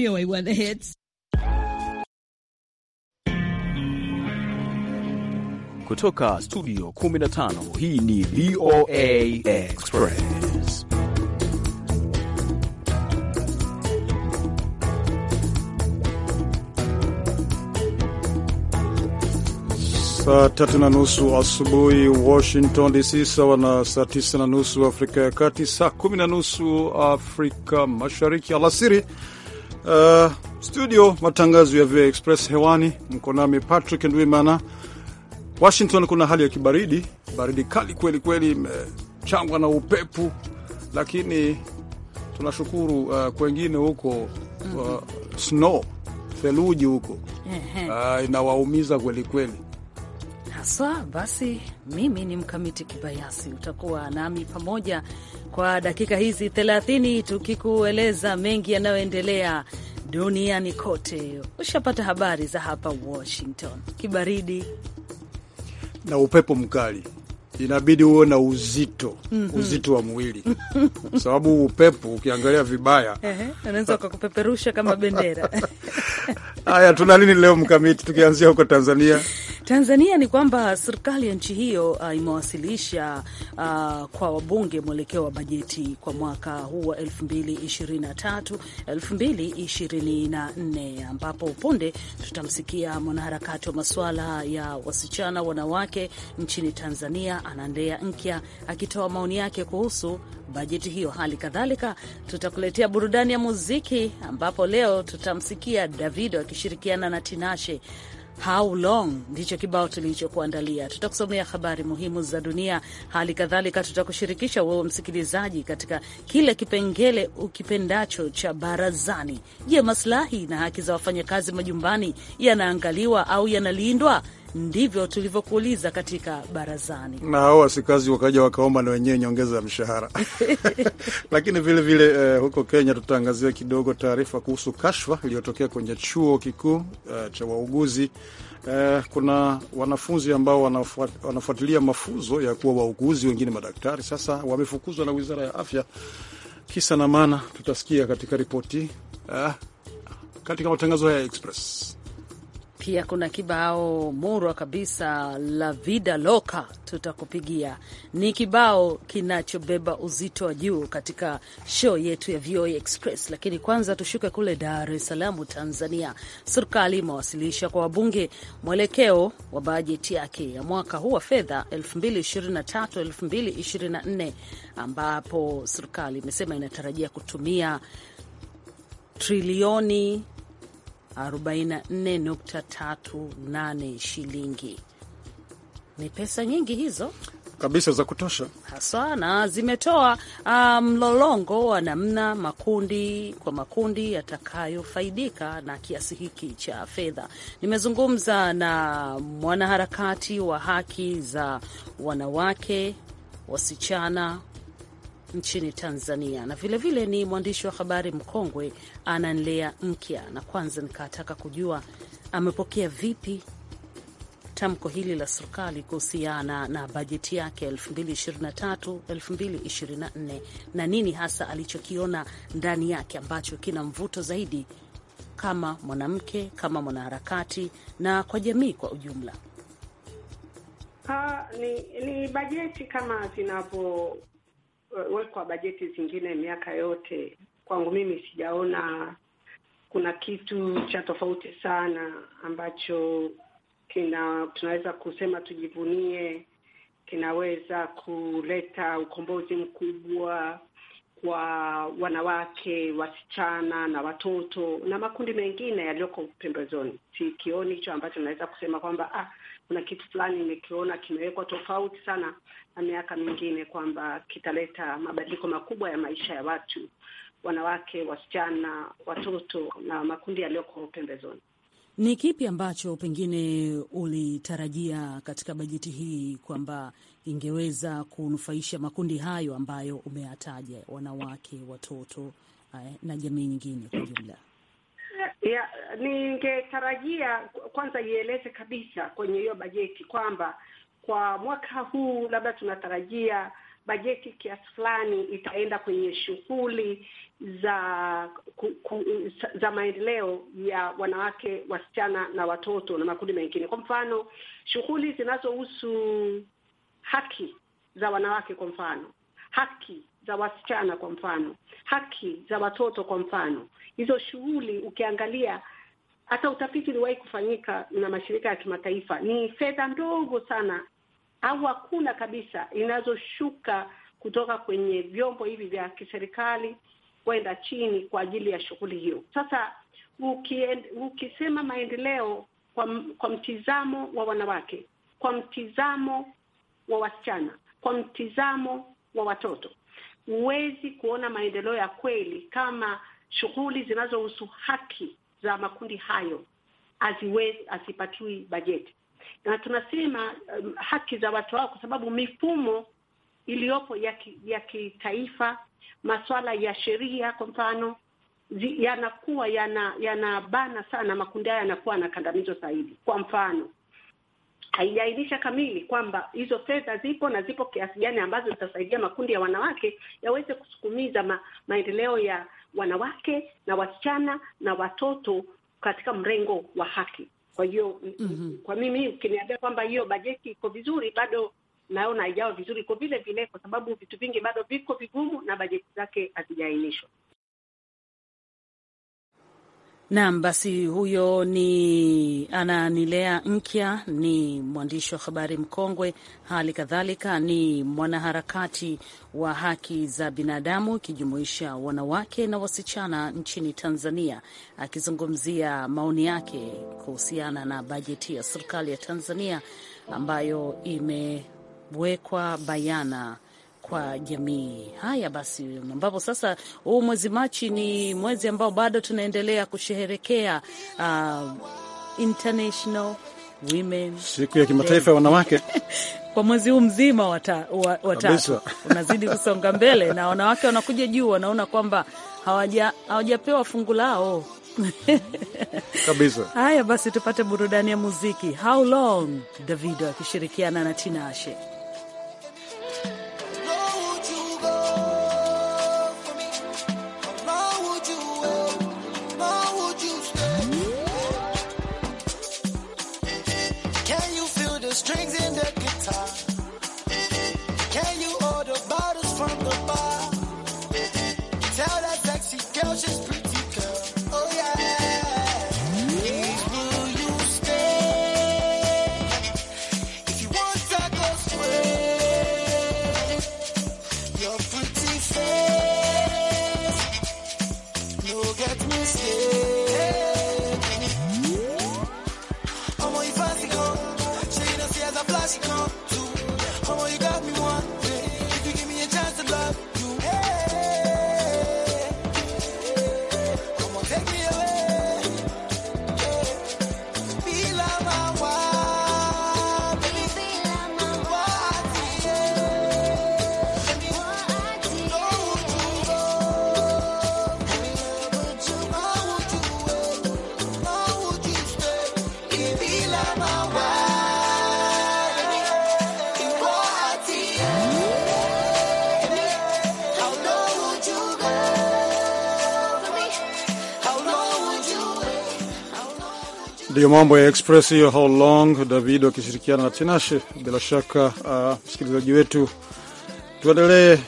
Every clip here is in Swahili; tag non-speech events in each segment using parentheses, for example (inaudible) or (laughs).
VOA The Hits. Kutoka studio 15 hii ni VOA Express. Saa tatu na nusu asubuhi Washington DC, sawa na saa tisa na nusu Afrika ya Kati, saa kumi na nusu Afrika Mashariki alasiri Uh, studio matangazo ya VOA Express hewani, mko nami Patrick Ndwimana. Washington kuna hali ya kibaridi, baridi kali kweli kweli, imechangwa na upepo, lakini tunashukuru uh, kwengine huko uh, mm-hmm. snow theluji huko uh, inawaumiza kweli kweli haswa. Basi mimi ni Mkamiti Kibayasi, utakuwa nami pamoja kwa dakika hizi thelathini tukikueleza mengi yanayoendelea duniani kote. Ushapata habari za hapa Washington, kibaridi na upepo mkali inabidi uwe na uzito mm -hmm. uzito wa mwili sababu upepo ukiangalia vibaya unaweza ukakupeperusha kama bendera. (laughs) Haya, tuna nini leo Mkamiti, tukianzia huko Tanzania? (laughs) Tanzania ni kwamba serikali ya nchi hiyo uh, imewasilisha uh, kwa wabunge mwelekeo wa bajeti kwa mwaka huu wa 2023 2024, ambapo punde tutamsikia mwanaharakati wa masuala ya wasichana wanawake nchini Tanzania Anandea Nkya akitoa maoni yake kuhusu bajeti hiyo. Hali kadhalika tutakuletea burudani ya muziki, ambapo leo tutamsikia Davido akishirikiana na Tinashe How Long ndicho kibao tulichokuandalia. Tutakusomea habari muhimu za dunia, hali kadhalika tutakushirikisha wewe msikilizaji katika kile kipengele ukipendacho cha barazani. Je, maslahi na haki za wafanyakazi majumbani yanaangaliwa au yanalindwa? ndivyo tulivyokuuliza katika barazani, na hao wasikazi wakaja wakaomba na wenyewe nyongeza ya mshahara (laughs) lakini vilevile vile, uh, huko Kenya tutaangazia kidogo taarifa kuhusu kashfa iliyotokea kwenye chuo kikuu uh, cha wauguzi. Eh, kuna wanafunzi ambao wanafuatilia mafunzo ya kuwa wauguzi, wengine madaktari, sasa wamefukuzwa na wizara ya afya. Kisa na maana tutasikia katika ripoti eh, katika matangazo haya ya Express. Pia kuna kibao murwa kabisa la vida loka, tutakupigia ni kibao kinachobeba uzito wa juu katika show yetu ya VOA Express. Lakini kwanza tushuke kule Dar es Salaam, Tanzania. Serikali imewasilisha kwa wabunge mwelekeo wa bajeti yake ya mwaka huu wa fedha 2023 2024, ambapo serikali imesema inatarajia kutumia trilioni 44.38 shilingi. Ni pesa nyingi hizo kabisa za kutosha haswa, na zimetoa ah, mlolongo um, wa namna makundi kwa makundi yatakayofaidika na kiasi hiki cha fedha. Nimezungumza na mwanaharakati wa haki za wanawake, wasichana nchini Tanzania, na vilevile vile ni mwandishi wa habari mkongwe Ananlea mkya na kwanza nikataka kujua amepokea vipi tamko hili la serikali kuhusiana na bajeti yake 2023 2024 na nini hasa alichokiona ndani yake ambacho kina mvuto zaidi kama mwanamke, kama mwanaharakati na kwa jamii kwa ujumla. Ha, ni, ni bajeti kama zinavyo zilizowekwa bajeti zingine miaka yote, kwangu mimi sijaona kuna kitu cha tofauti sana ambacho kina tunaweza kusema tujivunie, kinaweza kuleta ukombozi mkubwa kwa wanawake, wasichana na watoto na makundi mengine yaliyoko pembezoni. Sikioni hicho ambacho naweza kusema kwamba ah, kuna kitu fulani nimekiona kimewekwa tofauti sana na miaka mingine kwamba kitaleta mabadiliko makubwa ya maisha ya watu, wanawake, wasichana, watoto na makundi yaliyoko pembezoni. Ni kipi ambacho pengine ulitarajia katika bajeti hii kwamba ingeweza kunufaisha makundi hayo ambayo umeyataja, wanawake, watoto eh, na jamii nyingine kwa jumla? ningetarajia kwanza ieleze kabisa kwenye hiyo bajeti kwamba kwa mwaka huu labda tunatarajia bajeti kiasi fulani itaenda kwenye shughuli za ku, ku, za maendeleo ya wanawake, wasichana na watoto na makundi mengine. Kwa mfano, shughuli zinazohusu haki za wanawake, kwa mfano haki za wasichana, kwa mfano haki za watoto, kwa mfano hizo shughuli ukiangalia hata utafiti uliwahi kufanyika na mashirika ya kimataifa, ni fedha ndogo sana au hakuna kabisa inazoshuka kutoka kwenye vyombo hivi vya kiserikali kwenda chini kwa ajili ya shughuli hiyo. Sasa ukiend, ukisema maendeleo kwa, kwa mtizamo wa wanawake, kwa mtizamo wa wasichana, kwa mtizamo wa watoto, huwezi kuona maendeleo ya kweli kama shughuli zinazohusu haki za makundi hayo haziwezi hazipatiwi bajeti, na tunasema um, haki za watu hao, kwa sababu mifumo iliyopo ya kitaifa, masuala ya sheria kwa mfano yanakuwa yana sana makundi hayo, yanakuwa yanakandamizwa zaidi. Kwa mfano, haijaainisha kamili kwamba hizo fedha zipo na zipo kiasi gani ambazo zitasaidia makundi ya wanawake yaweze kusukumiza ma, maendeleo ya wanawake na wasichana na watoto katika mrengo wa haki. Kwa hiyo mm -hmm. Kwa mimi ukiniambia kwamba hiyo bajeti iko vizuri, bado naona haijawa vizuri iko vile vile, kwa sababu vitu vingi bado viko vigumu na bajeti zake hazijaainishwa. Naam, basi huyo ni Ananilea Nkya, ni mwandishi wa habari mkongwe, hali kadhalika ni mwanaharakati wa haki za binadamu ikijumuisha wanawake na wasichana nchini Tanzania, akizungumzia maoni yake kuhusiana na bajeti ya serikali ya Tanzania ambayo imewekwa bayana kwa jamii. Haya basi, ambapo sasa huu mwezi Machi ni mwezi ambao bado tunaendelea kusherehekea uh, International Women, siku ya kimataifa ya wanawake (laughs) kwa mwezi huu mzima watatu wa, (laughs) unazidi kusonga mbele na wanawake wanakuja juu, wanaona kwamba hawajapewa hawaja fungu lao (laughs) kabisa. Haya basi, tupate burudani ya muziki How Long, Davido akishirikiana na Tinashe. Ndiyo mambo ya Express hiyo, how long David akishirikiana na Tinashe. Bila shaka ah, msikilizaji uh, wetu, tuendelee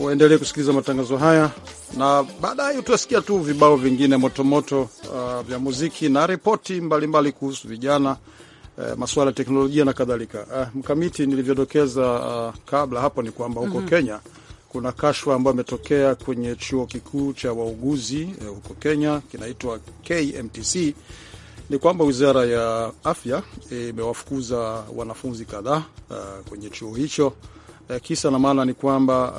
waendelee kusikiliza matangazo haya, na baadaye tutasikia tu vibao vingine motomoto uh, ah, vya muziki na ripoti mbalimbali kuhusu vijana uh, masuala ya teknolojia na kadhalika. Uh, mkamiti nilivyodokeza uh, kabla hapo ni kwamba huko mm -hmm. Kenya kuna kashfa ambayo imetokea kwenye chuo kikuu cha wauguzi uh, huko Kenya kinaitwa KMTC ni kwamba wizara ya afya eh, imewafukuza e, wanafunzi kadhaa uh, kwenye chuo hicho uh, kisa na maana ni kwamba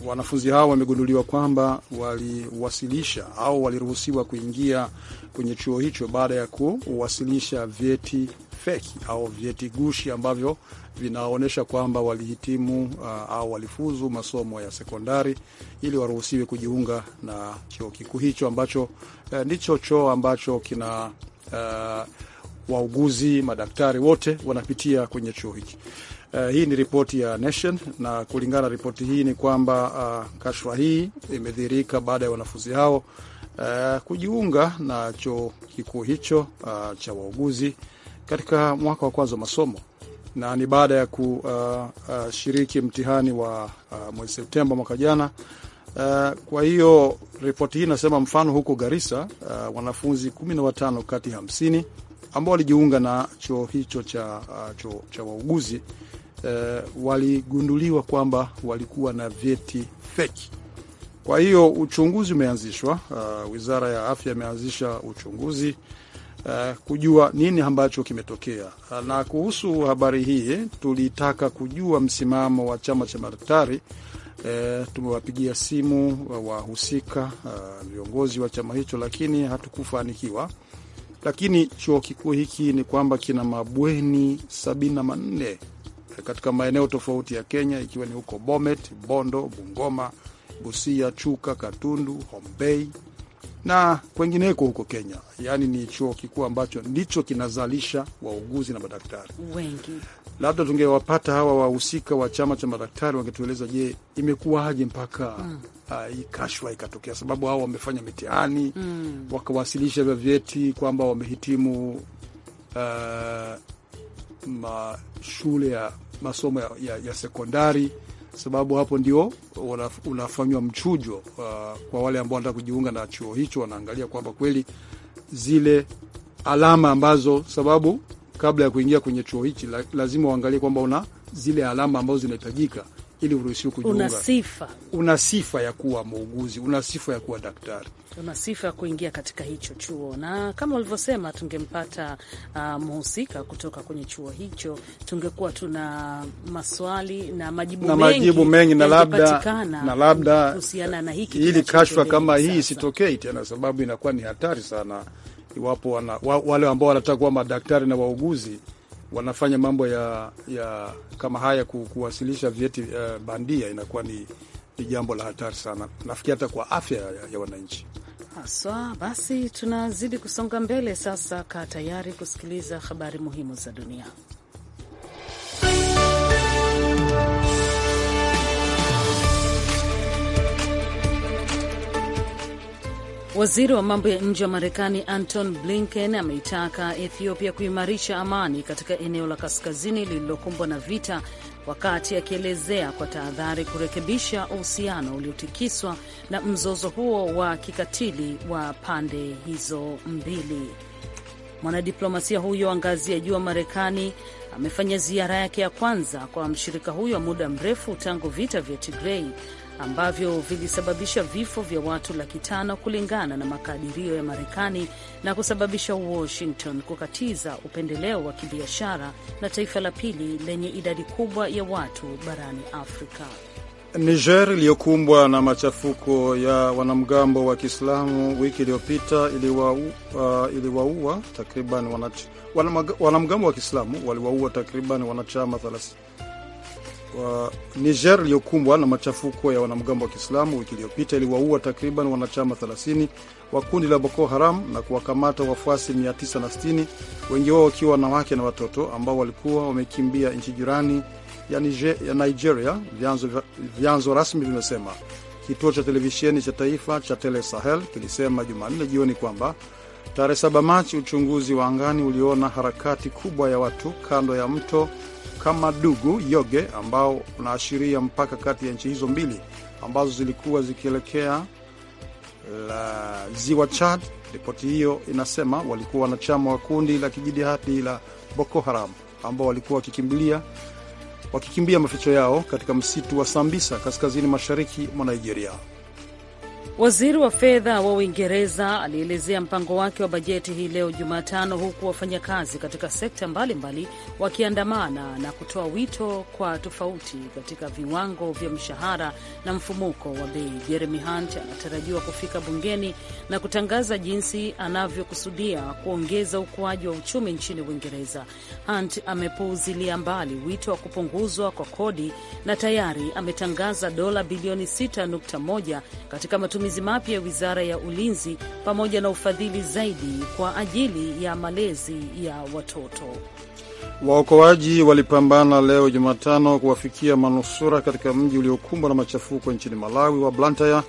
uh, wanafunzi hao wamegunduliwa kwamba waliwasilisha au waliruhusiwa kuingia kwenye chuo hicho baada ya kuwasilisha vyeti feki au vyeti gushi ambavyo vinaonyesha kwamba walihitimu uh, au walifuzu masomo ya sekondari ili waruhusiwe kujiunga na chuo kikuu hicho ambacho uh, ndicho choo ambacho kina uh, wauguzi, madaktari wote wanapitia kwenye chuo hiki. Uh, hii ni ripoti ya Nation na kulingana na ripoti hii ni kwamba uh, kashfa hii imedhihirika baada ya wanafunzi hao uh, kujiunga na chuo kikuu hicho uh, cha wauguzi katika mwaka wa kwanza wa masomo na ni baada ya kushiriki uh, uh, mtihani wa uh, mwezi Septemba mwaka jana Uh, kwa hiyo ripoti hii inasema mfano huko Garissa, uh, wanafunzi 15 kati ya 50 ambao walijiunga na chuo hicho cha, uh, chuo cha wauguzi uh, waligunduliwa kwamba walikuwa na vyeti feki. Kwa hiyo uchunguzi umeanzishwa, uh, Wizara ya Afya imeanzisha uchunguzi uh, kujua nini ambacho kimetokea. Uh, na kuhusu habari hii tulitaka kujua msimamo wa chama cha madaktari E, tumewapigia simu wahusika eh, viongozi wa chama hicho, lakini hatukufanikiwa. Lakini chuo kikuu hiki ni kwamba kina mabweni sabini na manne eh, katika maeneo tofauti ya Kenya, ikiwa ni huko Bomet, Bondo, Bungoma, Busia, Chuka, Katundu, Hombei na kwengineko huko Kenya. Yaani ni chuo kikuu ambacho ndicho kinazalisha wauguzi na madaktari wengi labda tungewapata hawa wahusika wa chama cha madaktari wangetueleza, je, imekuwaje mpaka mm. uh, ah, ikashwa ikatokea, sababu hao wamefanya mitihani mm. wakawasilisha vya vyeti kwamba wamehitimu uh, ah, mashule ya masomo ya, ya, ya sekondari, sababu hapo ndio unafanywa mchujo uh, kwa wale ambao wanataka kujiunga na chuo hicho, wanaangalia kwamba kweli zile alama ambazo sababu kabla ya kuingia kwenye chuo hichi la, lazima uangalie kwamba una zile alama ambazo zinahitajika ili uruhusiwe kujiunga. Una sifa, una sifa ya kuwa muuguzi, una sifa ya kuwa daktari, una sifa ya kuingia katika hicho chuo. Na kama ulivyosema, tungempata uh, mhusika kutoka kwenye chuo hicho, tungekuwa tuna maswali na majibu na mengi, majibu mengi na labda na labda kuhusiana na hiki, ili kashfa kama hii isitokee tena, sababu inakuwa ni hatari sana iwapo wana, wa, wale ambao wanataka kuwa madaktari na wauguzi wanafanya mambo ya, ya kama haya ku, kuwasilisha vyeti uh, bandia inakuwa ni, ni jambo la hatari sana, nafikiri hata kwa afya ya, ya wananchi haswa. Basi tunazidi kusonga mbele sasa, kaa tayari kusikiliza habari muhimu za dunia. Waziri wa mambo ya nje wa Marekani Anton Blinken ameitaka Ethiopia kuimarisha amani katika eneo la kaskazini lililokumbwa na vita, wakati akielezea kwa tahadhari kurekebisha uhusiano uliotikiswa na mzozo huo wa kikatili wa pande hizo mbili. Mwanadiplomasia huyo wa ngazi ya juu wa Marekani amefanya ziara yake ya kwanza kwa mshirika huyo wa muda mrefu tangu vita vya Tigrei ambavyo vilisababisha vifo vya watu laki tano kulingana na makadirio ya Marekani na kusababisha Washington kukatiza upendeleo wa kibiashara na taifa la pili lenye idadi kubwa ya watu barani Afrika. Niger iliyokumbwa na machafuko ya wanamgambo wa Kiislamu wiki iliyopita uh, iliwaua uh, iliwa takriban wanamgambo wa Kiislamu waliwaua takriban wanachama wa Niger iliyokumbwa na machafuko ya wanamgambo wa Kiislamu wiki iliyopita iliwaua takriban wanachama 30 wa kundi la Boko Haram na kuwakamata wafuasi 960 wengi wao wakiwa wanawake na watoto ambao walikuwa wamekimbia nchi jirani ya, Niger, ya Nigeria, vyanzo, vyanzo rasmi vimesema. Kituo cha televisheni cha taifa cha Tele Sahel kilisema Jumanne jioni kwamba tarehe 7 Machi uchunguzi wa angani uliona harakati kubwa ya watu kando ya mto kama Dugu Yoge ambao unaashiria mpaka kati ya nchi hizo mbili ambazo zilikuwa zikielekea la ziwa Chad. Ripoti hiyo inasema walikuwa wanachama wa kundi la kijihadi la Boko Haram ambao walikuwa wakikimbilia wakikimbia maficho yao katika msitu wa Sambisa kaskazini mashariki mwa Nigeria. Waziri wa fedha wa Uingereza alielezea mpango wake wa bajeti hii leo Jumatano, huku wafanyakazi katika sekta mbalimbali wakiandamana na kutoa wito kwa tofauti katika viwango vya mshahara na mfumuko wa bei. Jeremy Hunt anatarajiwa kufika bungeni na kutangaza jinsi anavyokusudia kuongeza ukuaji wa uchumi nchini Uingereza. Hunt amepuuzilia mbali wito wa kupunguzwa kwa kodi na tayari ametangaza dola bilioni 6.1 katika matumizi matumizi mapya ya wizara ya ulinzi pamoja na ufadhili zaidi kwa ajili ya malezi ya watoto. Waokoaji walipambana leo Jumatano kuwafikia manusura katika mji uliokumbwa na machafuko nchini Malawi wa Blantyre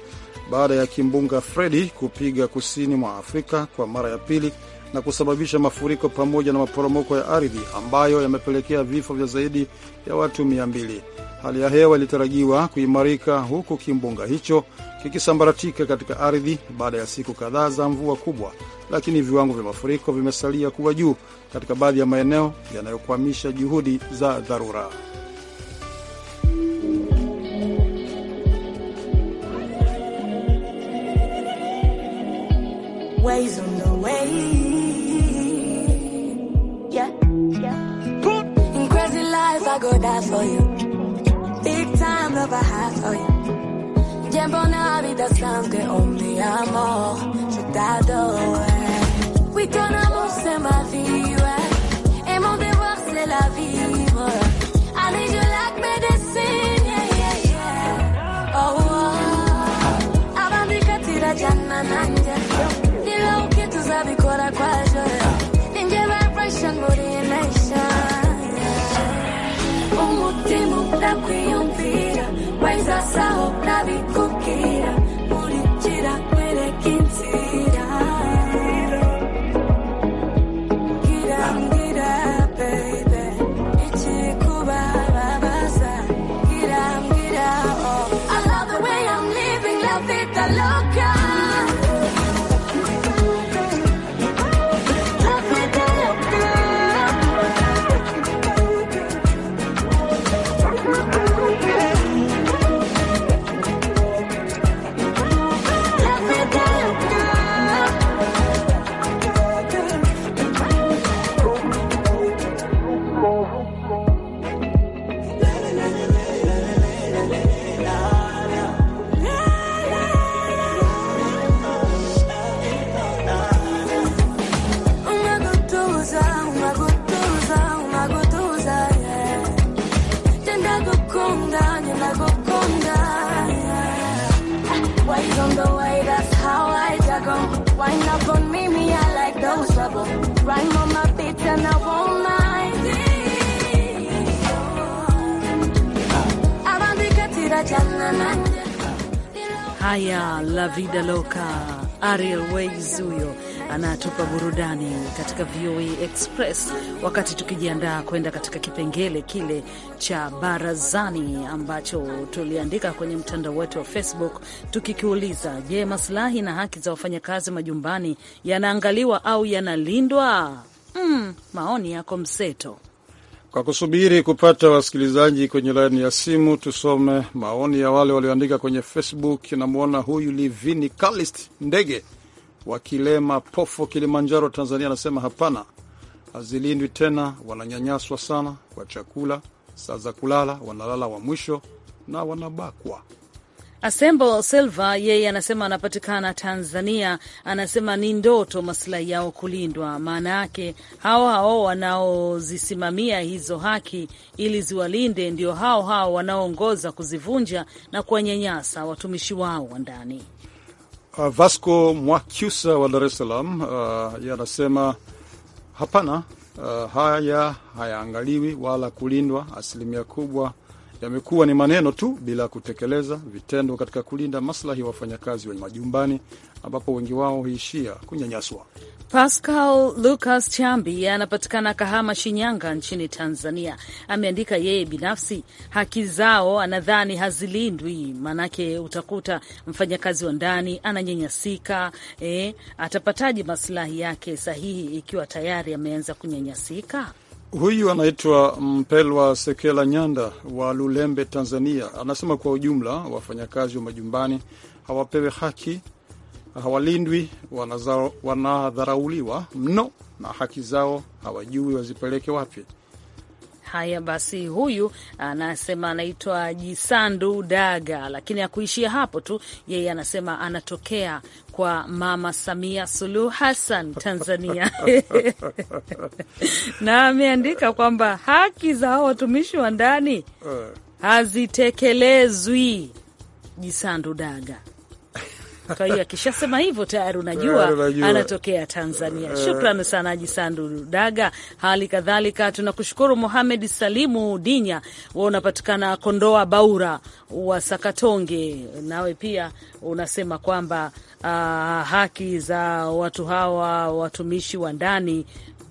baada ya kimbunga Fredi kupiga kusini mwa Afrika kwa mara ya pili na kusababisha mafuriko pamoja na maporomoko ya ardhi ambayo yamepelekea vifo vya zaidi ya watu mia mbili. Hali ya hewa ilitarajiwa kuimarika huku kimbunga hicho kikisambaratika katika ardhi baada ya siku kadhaa za mvua kubwa, lakini viwango vya mafuriko vimesalia kuwa juu katika baadhi ya maeneo yanayokwamisha juhudi za dharura. Ways on the way. life, I go die for you. Big time love I have for you. Tiempo na vida que only I'm all te Oui, ton amour, c'est ma vie, ouais. Et mon devoir, c'est la vivre. Allez, je Vida loka Ariel Ways huyo anatupa burudani katika VOA e Express, wakati tukijiandaa kwenda katika kipengele kile cha barazani ambacho tuliandika kwenye mtandao wetu wa Facebook tukikiuliza, je, masilahi na haki za wafanyakazi majumbani yanaangaliwa au yanalindwa? Mm, maoni yako mseto. Kwa kusubiri kupata wasikilizaji kwenye laini ya simu, tusome maoni ya wale walioandika kwenye Facebook. Namwona huyu Livini Kalist Ndege wa Kilema Pofo, Kilimanjaro, Tanzania, anasema hapana, hazilindwi tena, wananyanyaswa sana kwa chakula, saa za kulala wanalala wa mwisho na wanabakwa. Asembo Silva yeye anasema anapatikana Tanzania, anasema ni ndoto masilahi yao kulindwa. Maana yake hao hao wanaozisimamia hizo haki ili ziwalinde ndio hao hao wanaoongoza kuzivunja na kuwanyanyasa watumishi wao wa ndani. Uh, Vasco Mwakyusa wa Dar es Salaam uh, yanasema hapana, uh, haya hayaangaliwi wala kulindwa. Asilimia kubwa yamekuwa ni maneno tu bila kutekeleza vitendo katika kulinda maslahi ya wafanyakazi wa majumbani ambapo wengi wao huishia kunyanyaswa. Pascal Lucas Chambi anapatikana Kahama, Shinyanga nchini Tanzania. Ameandika yeye binafsi haki zao anadhani hazilindwi, maanake utakuta mfanyakazi wa ndani ananyanyasika. E, atapataje masilahi yake sahihi ikiwa tayari ameanza kunyanyasika? Huyu anaitwa Mpelwa Sekela Nyanda wa Lulembe, Tanzania. Anasema kwa ujumla, wafanyakazi wa majumbani hawapewe haki, hawalindwi, wanadharauliwa mno na haki zao hawajui wazipeleke wapi. Haya basi, huyu anasema anaitwa Jisandu Daga, lakini akuishia hapo tu. Yeye anasema anatokea kwa Mama Samia Suluhu Hassan, Tanzania (laughs) na ameandika kwamba haki za hao watumishi wa ndani eh. hazitekelezwi. Jisandu Daga kwa hiyo akishasema hivyo tayari unajua anatokea Tanzania. Eh. Shukrani sana Jisandu Sandu Daga, hali kadhalika tunakushukuru Mohamed Salimu Dinya, wewe unapatikana Kondoa Baura wa Sakatonge, nawe pia unasema kwamba uh, haki za watu hawa watumishi wa ndani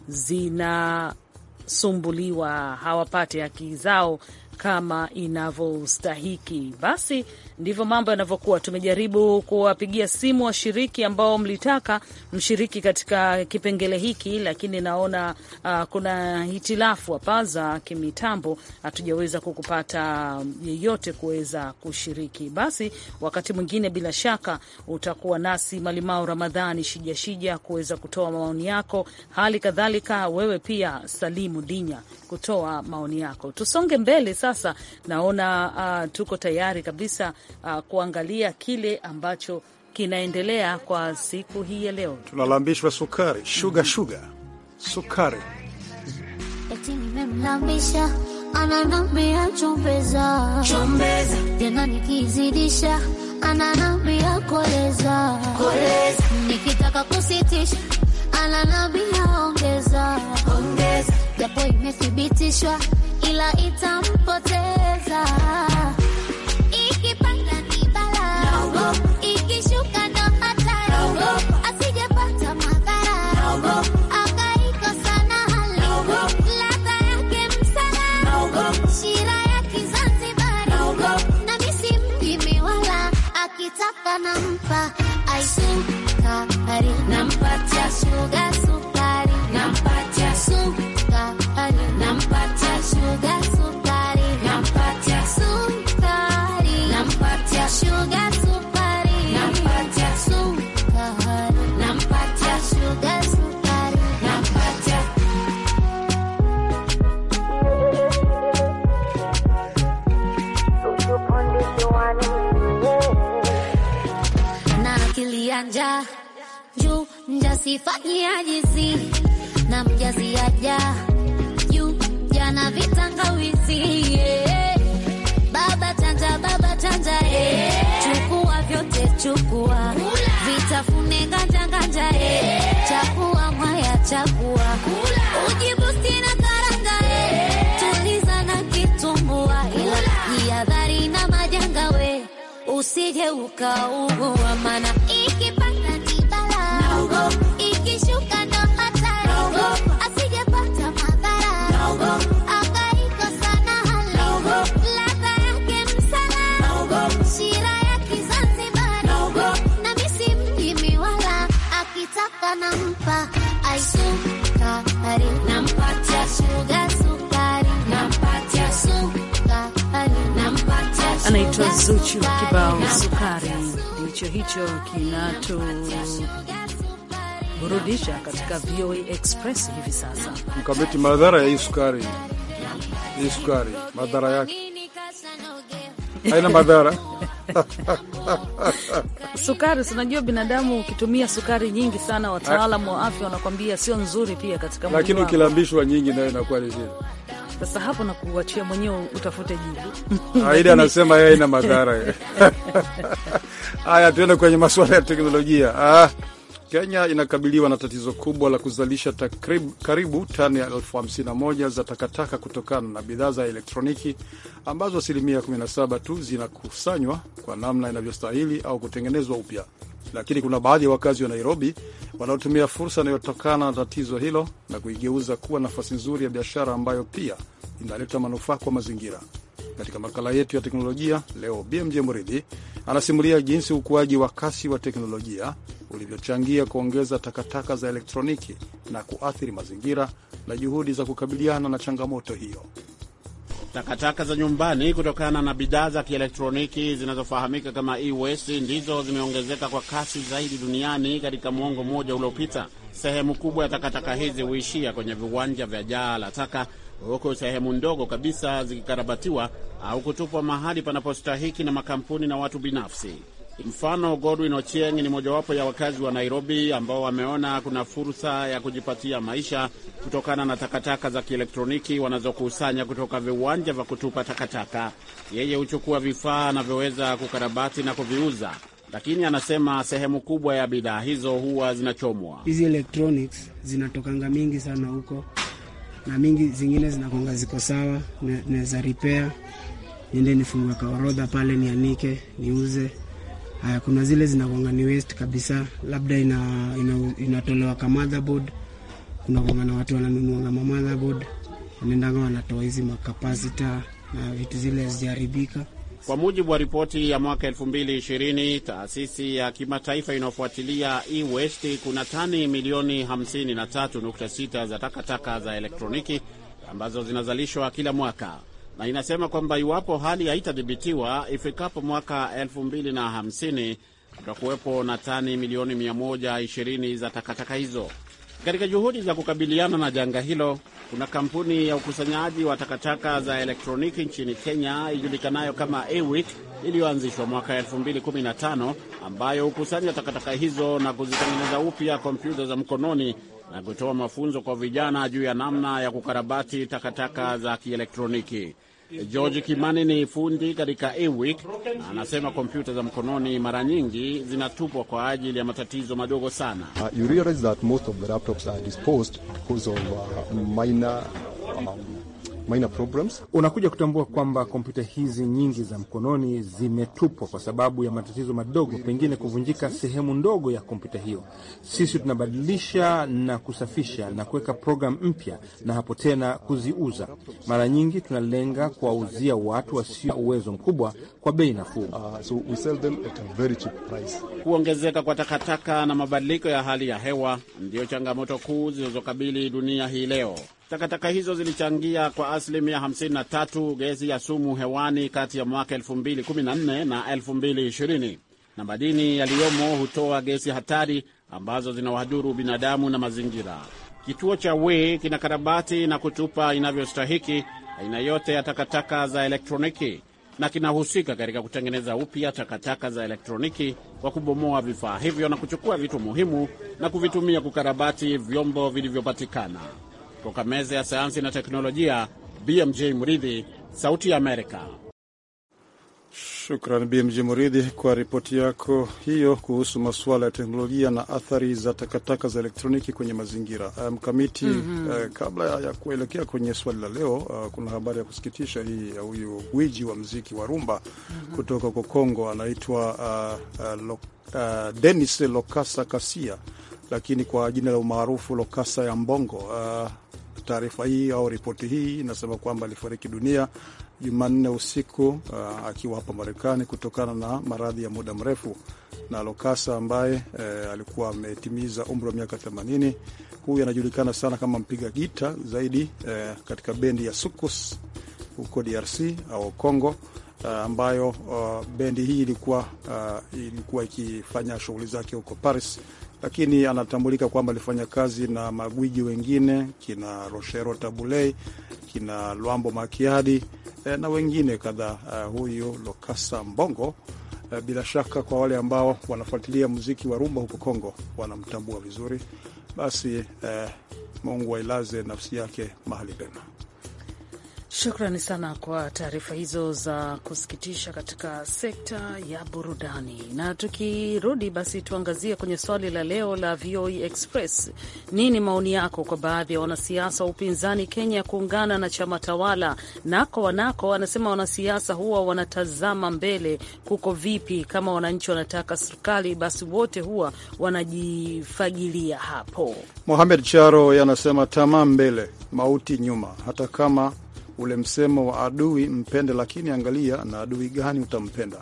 zinasumbuliwa, hawapate haki zao kama inavyostahiki basi Ndivyo mambo yanavyokuwa. Tumejaribu kuwapigia simu washiriki ambao mlitaka mshiriki katika kipengele hiki, lakini naona uh, kuna hitilafu hapa za kimitambo, hatujaweza kukupata yeyote kuweza kushiriki. Basi wakati mwingine, bila shaka, utakuwa nasi Malimao Ramadhani Shijashija kuweza kutoa maoni yako, hali kadhalika wewe pia Salimu Dinya kutoa maoni yako. Tusonge mbele sasa, naona uh, tuko tayari kabisa uh, kuangalia kile ambacho kinaendelea kwa siku hii ya leo. Tunalambishwa sukari, shuga shuga, sukari eti nimemlambisha ananambia chombeza, chombeza tena nikizidisha ananambia koleza, koleza nikitaka kusitisha ananambia ongeza, ongeza japo imethibitishwa ila itampoteza nampa icing, nampa nampatia sugar kiburudisho hicho kinatuburudisha katika VOA Express hivi sasa. Mkamiti, madhara ya hii sukari, hii sukari, madhara yake haina madhara (laughs) Sukari, sinajua binadamu ukitumia sukari nyingi sana, wataalamu wa afya wanakwambia sio nzuri pia katika lakini ukilambishwa nyingi nayo inakuwa ni shida. Sasa hapo na kuachia mwenyewe utafute jibu. Aida anasema yeye haina madhara (laughs) Haya, tuende kwenye masuala ya teknolojia. Ah, Kenya inakabiliwa na tatizo kubwa la kuzalisha takrib, karibu tani elfu hamsini na moja za takataka kutokana na bidhaa za elektroniki ambazo asilimia 17 tu zinakusanywa kwa namna inavyostahili au kutengenezwa upya. Lakini kuna baadhi ya wakazi wa Nairobi wanaotumia fursa inayotokana na tatizo hilo na kuigeuza kuwa nafasi nzuri ya biashara ambayo pia inaleta manufaa kwa mazingira. Katika makala yetu ya teknolojia leo, BMJ Muridhi anasimulia jinsi ukuaji wa kasi wa teknolojia ulivyochangia kuongeza takataka za elektroniki na kuathiri mazingira na juhudi za kukabiliana na changamoto hiyo. Takataka za nyumbani kutokana na bidhaa za kielektroniki zinazofahamika kama e-waste ndizo zimeongezeka kwa kasi zaidi duniani katika mwongo mmoja uliopita. Sehemu kubwa ya takataka hizi huishia kwenye viwanja vya jaa la taka huku sehemu ndogo kabisa zikikarabatiwa au kutupwa mahali panapostahiki na makampuni na watu binafsi. Mfano, Godwin Ochieng ni mojawapo ya wakazi wa Nairobi ambao wameona kuna fursa ya kujipatia maisha kutokana na takataka za kielektroniki wanazokusanya kutoka viwanja vya kutupa takataka. Yeye huchukua vifaa anavyoweza kukarabati na kuviuza, lakini anasema sehemu kubwa ya bidhaa hizo huwa zinachomwa. Hizi electronics zinatokanga mingi sana huko na mingi zingine zinakonga ziko sawa, naweza repair, niende nifungue orodha pale nianike, niuze. Haya, kuna zile zinakonga ni waste kabisa, labda ina, ina, inatolewa ka motherboard. Kuna konga na watu wananunua kama motherboard, wanaendanga wanatoa hizi makapasita na vitu zile hazijaribika kwa mujibu wa ripoti ya mwaka 2020 taasisi ya kimataifa inayofuatilia e-waste, kuna tani milioni 53.6 za takataka za elektroniki ambazo zinazalishwa kila mwaka, na inasema kwamba iwapo hali haitadhibitiwa ifikapo mwaka 2050 kutakuwepo na tani milioni 120 za takataka hizo. Katika juhudi za kukabiliana na janga hilo, kuna kampuni ya ukusanyaji wa takataka za elektroniki nchini Kenya ijulikanayo kama Awik iliyoanzishwa mwaka 2015 ambayo hukusanya takataka hizo na kuzitengeneza upya kompyuta za mkononi na kutoa mafunzo kwa vijana juu ya namna ya kukarabati takataka za kielektroniki. George Kimani ni fundi katika eWIC na anasema kompyuta za mkononi mara nyingi zinatupwa kwa ajili ya matatizo madogo sana. Uh, you realize that most of the laptops are disposed because of uh, minor um, minor problems. Unakuja kutambua kwamba kompyuta hizi nyingi za mkononi zimetupwa kwa sababu ya matatizo madogo, pengine kuvunjika sehemu ndogo ya kompyuta hiyo. Sisi tunabadilisha na kusafisha na kuweka programu mpya, na hapo tena kuziuza. Mara nyingi tunalenga kuwauzia watu wasio uwezo mkubwa kwa bei nafuu. Uh, so Kuongezeka kwa takataka na mabadiliko ya hali ya hewa ndiyo changamoto kuu zinazokabili dunia hii leo. Takataka hizo zilichangia kwa asilimia 53 gesi ya sumu hewani kati ya mwaka 2014 na 2020, na madini yaliyomo hutoa gesi hatari ambazo zinawadhuru binadamu na mazingira. Kituo cha kina karabati na kutupa inavyostahiki aina yote ya takataka za elektroniki na kinahusika katika kutengeneza upya takataka za elektroniki kwa kubomoa vifaa hivyo na kuchukua vitu muhimu na kuvitumia kukarabati vyombo vilivyopatikana. Kutoka meza ya sayansi na teknolojia, BMJ Mridhi, Sauti ya Amerika. Shukran BMJ Muridhi kwa ripoti yako hiyo kuhusu masuala ya teknolojia na athari za takataka za elektroniki kwenye mazingira eh, mkamiti. mm -hmm. Uh, kabla ya kuelekea kwenye swali la leo, uh, kuna habari ya kusikitisha hii ya huyu gwiji wa mziki wa rumba mm -hmm. kutoka huko Kongo anaitwa uh, uh, lo, uh, Denis Lokasa Kasia, lakini kwa jina la umaarufu Lokasa ya Mbongo uh, taarifa hii au ripoti hii inasema kwamba alifariki dunia Jumanne usiku uh, akiwa hapa Marekani kutokana na maradhi ya muda mrefu. Na Lokasa ambaye eh, alikuwa ametimiza umri wa miaka 80, huyu anajulikana sana kama mpiga gita zaidi eh, katika bendi ya Sukus huko DRC au Congo Uh, ambayo uh, bendi hii ilikuwa uh, ilikuwa ikifanya shughuli zake huko Paris lakini anatambulika kwamba alifanya kazi na magwiji wengine kina roshero Tabulei, kina Lwambo Makiadi eh, na wengine kadhaa. Uh, huyu Lokasa Mbongo uh, bila shaka kwa wale ambao wanafuatilia muziki wa rumba huko Kongo wanamtambua vizuri. Basi eh, Mungu ailaze nafsi yake mahali pema. Shukrani sana kwa taarifa hizo za kusikitisha katika sekta ya burudani. Na tukirudi basi, tuangazie kwenye swali la leo la VOA e Express. Nini maoni yako kwa baadhi ya wanasiasa wa upinzani Kenya kuungana na chama tawala? Nako Wanako anasema wanasiasa huwa wanatazama mbele kuko vipi. Kama wananchi wanataka serikali, basi wote huwa wanajifagilia hapo. Mohamed Charo anasema tamaa mbele, mauti nyuma, hata kama ule msemo wa adui mpende, lakini angalia na adui gani utampenda.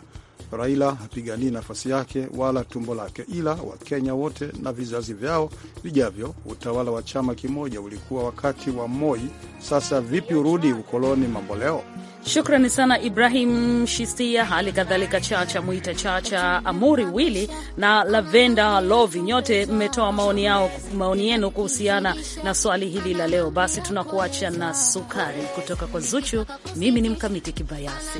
Raila hapiganii nafasi yake wala tumbo lake, ila Wakenya wote na vizazi vyao vijavyo. Utawala wa chama kimoja ulikuwa wakati wa Moi, sasa vipi urudi ukoloni mambo leo? Shukrani sana Ibrahim Shisia, hali kadhalika Chacha Mwita, Chacha Amuri Wili na Lavenda Lovi, nyote mmetoa maoni yao, maoni yenu kuhusiana na swali hili la leo. Basi tunakuacha na sukari kutoka kwa Zuchu. Mimi ni Mkamiti Kibayasi.